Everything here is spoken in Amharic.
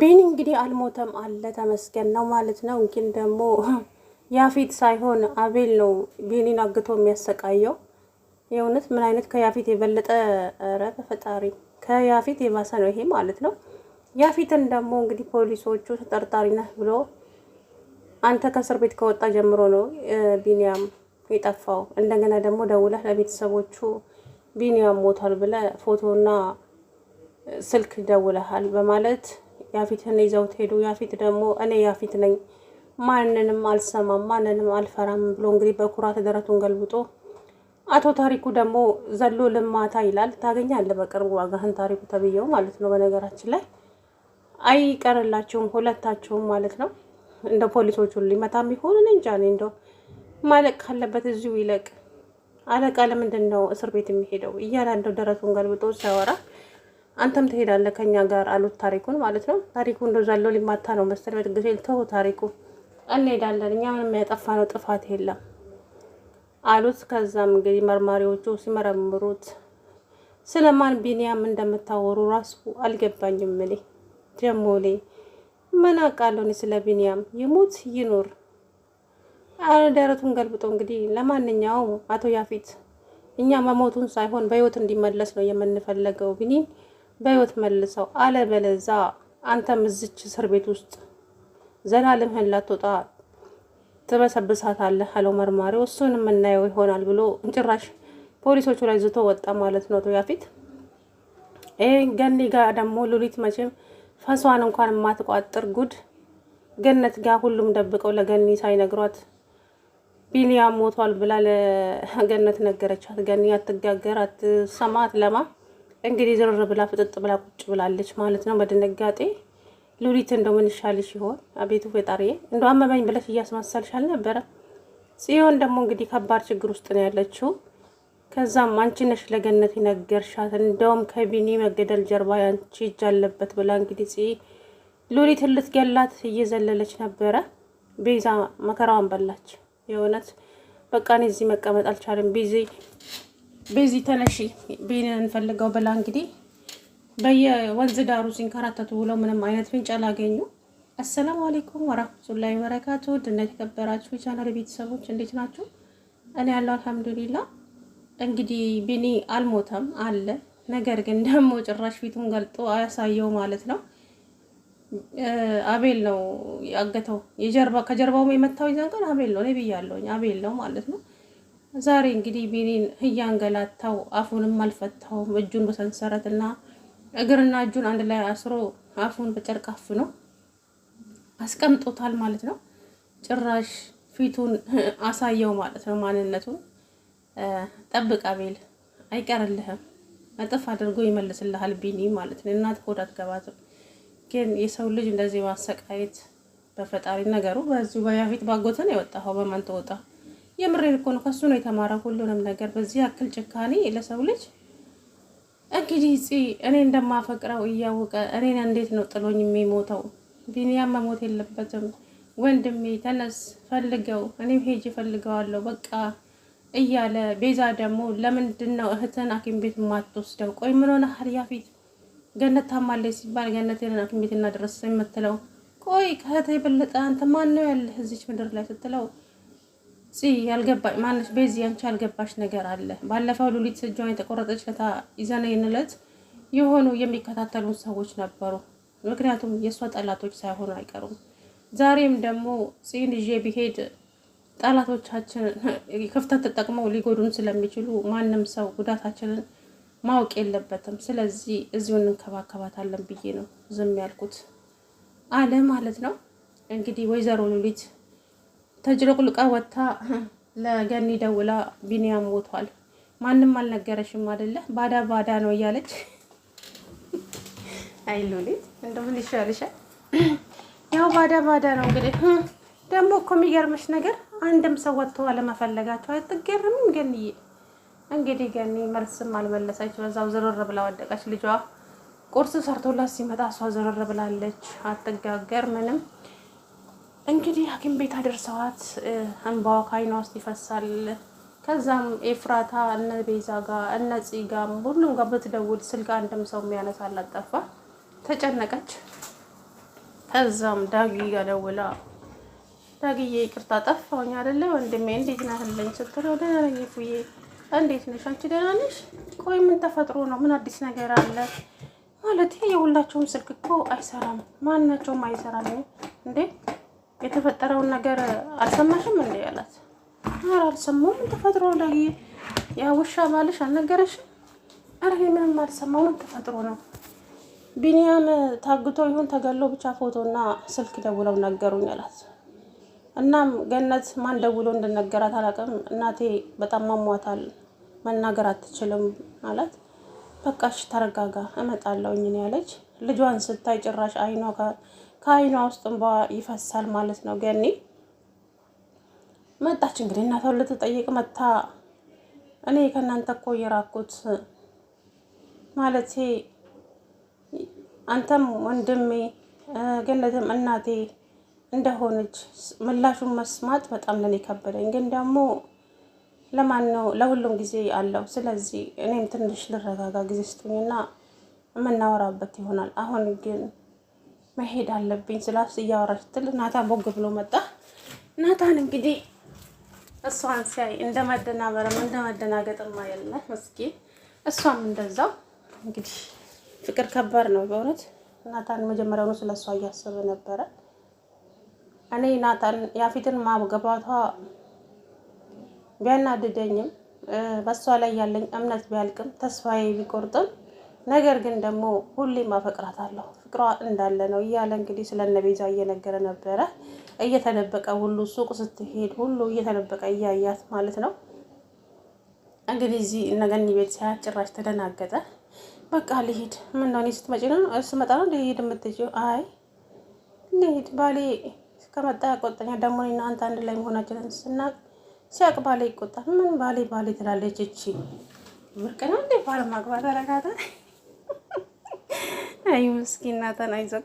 ቢኒ እንግዲህ አልሞተም አለ ተመስገን ነው ማለት ነው። ግን ደግሞ ያፊት ሳይሆን አቤል ነው ቢኒን አግቶ የሚያሰቃየው። የእውነት ምን አይነት ከያፊት የበለጠ ኧረ በፈጣሪ ከያፊት የባሰ ነው ይሄ ማለት ነው። ያፊትን ደግሞ እንግዲህ ፖሊሶቹ ተጠርጣሪ ነህ ብሎ አንተ ከእስር ቤት ከወጣ ጀምሮ ነው ቢኒያም የጠፋው። እንደገና ደግሞ ደውለህ ለቤተሰቦቹ ቢኒያም ሞቷል ብለህ ፎቶና ስልክ ደውለሃል በማለት ያፊትን ይዘውት ሄዱ። ያፊት ደግሞ እኔ ያፊት ነኝ ማንንም አልሰማም ማንንም አልፈራም ብሎ እንግዲህ በኩራት ደረቱን ገልብጦ፣ አቶ ታሪኩ ደግሞ ዘሎ ልማታ ይላል። ታገኛለህ በቅርቡ ዋጋህን ታሪኩ ተብዬው ማለት ነው። በነገራችን ላይ አይቀርላችሁም ሁለታችሁም ማለት ነው። እንደ ፖሊሶቹ ሊመታም ይሆን እኔ እንጃ። እኔ እንደው ማለቅ ካለበት እዚሁ ይለቅ። አለቃ ለምንድን ነው እስር ቤት የሚሄደው? እያለ እንደው ደረቱን ገልብጦ ሲያወራ አንተም ትሄዳለህ ከኛ ጋር አሉት ታሪኩን ማለት ነው። ታሪኩ እንደዛ ያለው ሊማታ ነው መሰለኝ በድንገት ተው ታሪኩ እንሄዳለን እኛ ምንም ያጠፋ ነው ጥፋት የለም አሉት። ከዛም እንግዲህ መርማሪዎቹ ሲመረምሩት ስለማን ቢኒያም እንደምታወሩ ራሱ አልገባኝም። እኔ ደግሞ እኔ ምን አውቃለሁ ስለ ቢኒያም ይሙት ይኑር ደረቱን ገልብጦ እንግዲህ ለማንኛውም አቶ ያፊት እኛ መሞቱን ሳይሆን በህይወት እንዲመለስ ነው የምንፈለገው ቢኒ በህይወት መልሰው፣ አለበለዛ አንተም እዚች እስር ቤት ውስጥ ዘላለምህን ላትወጣ ትበሰብሳታለህ አለው መርማሪው። እሱን የምናየው ይሆናል ብሎ ጭራሽ ፖሊሶቹ ላይ ዝቶ ወጣ ማለት ነው። ያፊት ይህ ገኒ ጋር ደግሞ ሉሊት መቼም ፈሷን እንኳን የማትቋጥር ጉድ ገነት ጋር ሁሉም ደብቀው ለገኒ ሳይነግሯት ቢኒያም ሞቷል ብላ ለገነት ነገረቻት። ገኒ አትጋገር፣ አትሰማ፣ አትለማ እንግዲህ ዝርር ብላ ፍጥጥ ብላ ቁጭ ብላለች ማለት ነው በድንጋጤ ሉሊት እንደው ምን ይሻልሽ ይሆን? አቤቱ ፈጣሪዬ እንደው አመመኝ ብለሽ እያስመሰልሽ አልነበረ? ጽዮን ደግሞ እንግዲህ ከባድ ችግር ውስጥ ነው ያለችው። ከዛም አንቺ ነሽ ለገነት ይነገርሻት እንደውም ከቢኒ መገደል ጀርባ ያንቺ እጅ አለበት ብላ እንግዲህ ጽ ሉሊትን ልትገላት እየዘለለች ነበረ። ቤዛ መከራዋን በላች። የእውነት በቃ እኔ እዚህ መቀመጥ አልቻልም ቢዚ በዚህ ተነሺ ቤን እንፈልገው ብላ እንግዲህ በየወንዝ ዳሩ ሲንከራተቱ ብለው ምንም አይነት ፍንጭ አላገኙ። አሰላሙ አሌይኩም ወራህመቱላሂ ወበረካቱ ድና የተከበራችሁ የቻናል ቤተሰቦች እንዴት ናችሁ? እኔ ያለው አልሐምዱሊላ። እንግዲህ ቢኒ አልሞተም አለ፣ ነገር ግን ደግሞ ጭራሽ ፊቱን ገልጦ አያሳየው ማለት ነው። አቤል ነው ያገተው፣ ከጀርባው የመታው ይዘን ቀን አቤል ነው ብያለሁኝ፣ አቤል ነው ማለት ነው። ዛሬ እንግዲህ ቢኒን እያንገላታው አፉንም አልፈታውም። እጁን በሰንሰረት እና እግርና እጁን አንድ ላይ አስሮ አፉን በጨርቅ አፍኖ አስቀምጦታል ማለት ነው። ጭራሽ ፊቱን አሳየው ማለት ነው፣ ማንነቱን። ጠብቅ አቤል፣ አይቀርልህም እጥፍ አድርጎ ይመልስልሃል ቢኒ ማለት ነው። እናት ሆድ አትገባትም። ግን የሰው ልጅ እንደዚህ ማሰቃየት በፈጣሪ ነገሩ በዚሁ በያፊት ባጎተን የወጣኸው በማን ተወጣ? የምሬን እኮ ነው። ከሱ ነው የተማረ ሁሉንም ነገር። በዚህ ያክል ጭካኔ ለሰው ልጅ እንግዲህ እኔ እንደማፈቅረው እያወቀ እኔን እንዴት ነው ጥሎኝ የሚሞተው? ቢኒያም መሞት የለበትም ወንድሜ፣ ተነስ ፈልገው፣ እኔም ሄጅ ፈልገዋለሁ በቃ እያለ ቤዛ ደግሞ ለምንድን ነው እህትን ሐኪም ቤት የማትወስደው? ቆይ ምን ሆነ ሀልያ ፊት ገነት ታማለች ሲባል ገነትን ሐኪም ቤት እናደረስ የምትለው ቆይ ከእህት የበለጠ አንተ ማን ነው ያለህ እዚች ምድር ላይ ስትለው ፂ ያልገባሽ ማነች ቤዚ አንቺ ያልገባሽ ነገር አለ። ባለፈው ሉሊት እጇን የተቆረጠች ለታ ይዘነይን ዕለት የሆኑ የሚከታተሉን ሰዎች ነበሩ። ምክንያቱም የእሷ ጠላቶች ሳይሆኑ አይቀሩም። ዛሬም ደግሞ ፂን ይዤ ቢሄድ ጠላቶቻችን ክፍተት ተጠቅመው ሊጎዱን ስለሚችሉ ማንም ሰው ጉዳታችንን ማወቅ የለበትም። ስለዚህ እዚሁ እንንከባከባታለን ብዬ ነው ዝም ያልኩት አለ ማለት ነው። እንግዲህ ወይዘሮ ሉሊት ተጅለቁልቃ ወጥታ ለገኒ ደውላ ቢኒያም ሞቷል፣ ማንም አልነገረሽም አይደለ? ባዳ ባዳ ነው እያለች አይ እንደው ምን ይሻልሻል? ያው ባዳ ባዳ ነው እንግዲህ። ደግሞ እኮ የሚገርምሽ ነገር አንድም ሰው ወጥቶ አለመፈለጋቸው አትገርምም? ገኒዬ እንግዲህ ገኒ መልስም አልመለሰች፣ በዛው ዝርር ብላ ወደቀች። ልጇ ቁርስ ሰርቶላት ሲመጣ እሷ ዝርር ብላለች። አትጋገር ምንም እንግዲህ ሐኪም ቤት አደርሰዋት እንባዋ ከዓይኗ ውስጥ ይፈሳል። ከዛም ኤፍራታ እነ ቤዛ ጋር እነ ጽጋም ሁሉም ጋር ብትደውል ስልክ አንድም ሰው የሚያነሳ አላጠፋ ተጨነቀች። ከዛም ዳጊ ጋር ደውላ ዳጊዬ ይቅርታ ጠፋሁኝ አይደለ ወንድሜ እንዴት ናህልኝ ስትለው ደህና ነኝ እንዴት ነሽ አንቺ ደህና ነሽ? ቆይ ምን ተፈጥሮ ነው? ምን አዲስ ነገር አለ? ማለት የሁላቸውም ስልክ እኮ አይሰራም ማናቸውም አይሰራም እንዴ የተፈጠረውን ነገር አልሰማሽም እንዴ ያላት ኧረ አልሰማሁም፣ ምን ተፈጥሮ ላይ ያ ውሻ ባልሽ አልነገረሽም? ኧረ ምንም አልሰማሁም፣ ምን ተፈጥሮ ነው? ቢኒያም ታግቶ ይሁን ተገሎ ብቻ ፎቶና ስልክ ደውለው ነገሩኝ አላት። እናም ገነት ማን ደውሎ እንድነገራት አላውቅም፣ እናቴ በጣም ማሟታል፣ መናገር አትችልም አላት። በቃሽ ተረጋጋ፣ እመጣለሁኝ እኔ ያለች ልጇን ስታይ ጭራሽ አይኗ ጋር ከአይኗ ውስጥ እንባ ይፈሳል ማለት ነው። ገኒ መጣች እንግዲህ እናቷን ልትጠይቅ መታ። እኔ ከእናንተ እኮ እየራኩት ማለቴ አንተም ወንድሜ ገነትም እናቴ እንደሆነች ምላሹን መስማት በጣም ለኔ ከበደኝ። ግን ደግሞ ለማን ነው ለሁሉም ጊዜ አለው። ስለዚህ እኔም ትንሽ ልረጋጋ ጊዜ ስጡኝና የምናወራበት ይሆናል። አሁን ግን መሄድ አለብኝ ስላስ እያወራች ስትል ናታን ቦግ ብሎ መጣ። ናታን እንግዲህ እሷን ሲያይ እንደ መደናበረም እንደ መደናገጥም የለ መስኪን፣ እሷም እንደዛው እንግዲህ ፍቅር ከባድ ነው በእውነት። ናታን መጀመሪያውኑ ስለ እሷ እያሰበ ነበረ። እኔ ናታን ያፊትን ማገባቷ ቢያናድደኝም በእሷ ላይ ያለኝ እምነት ቢያልቅም ተስፋዬ ቢቆርጥም ነገር ግን ደግሞ ሁሌም አፈቅራታለሁ ፍቅሯ እንዳለ ነው እያለ እንግዲህ ስለ እነቤዛ እየነገረ ነበረ። እየተደበቀ ሁሉ ሱቅ ስትሄድ ሁሉ እየተደበቀ እያያት ማለት ነው። እንግዲህ እዚህ እነገኒ ቤት ሲያት ጭራሽ ተደናገጠ። በቃ ልሂድ። ምን ነው እኔ ስትመጪ ነው ስመጣ ነው ልሂድ የምትችው? አይ ልሂድ፣ ባሌ ከመጣ ያቆጠኛል። ደግሞ እኔና አንተ አንድ ላይ መሆናችንን ስናቅ ሲያቅ ባሌ ይቆጣል። ምን ባሌ ባሌ ትላለች። እቺ ብርቅ ነው እንዴ ባለማግባት ማግባት አይ ምስኪን ናታን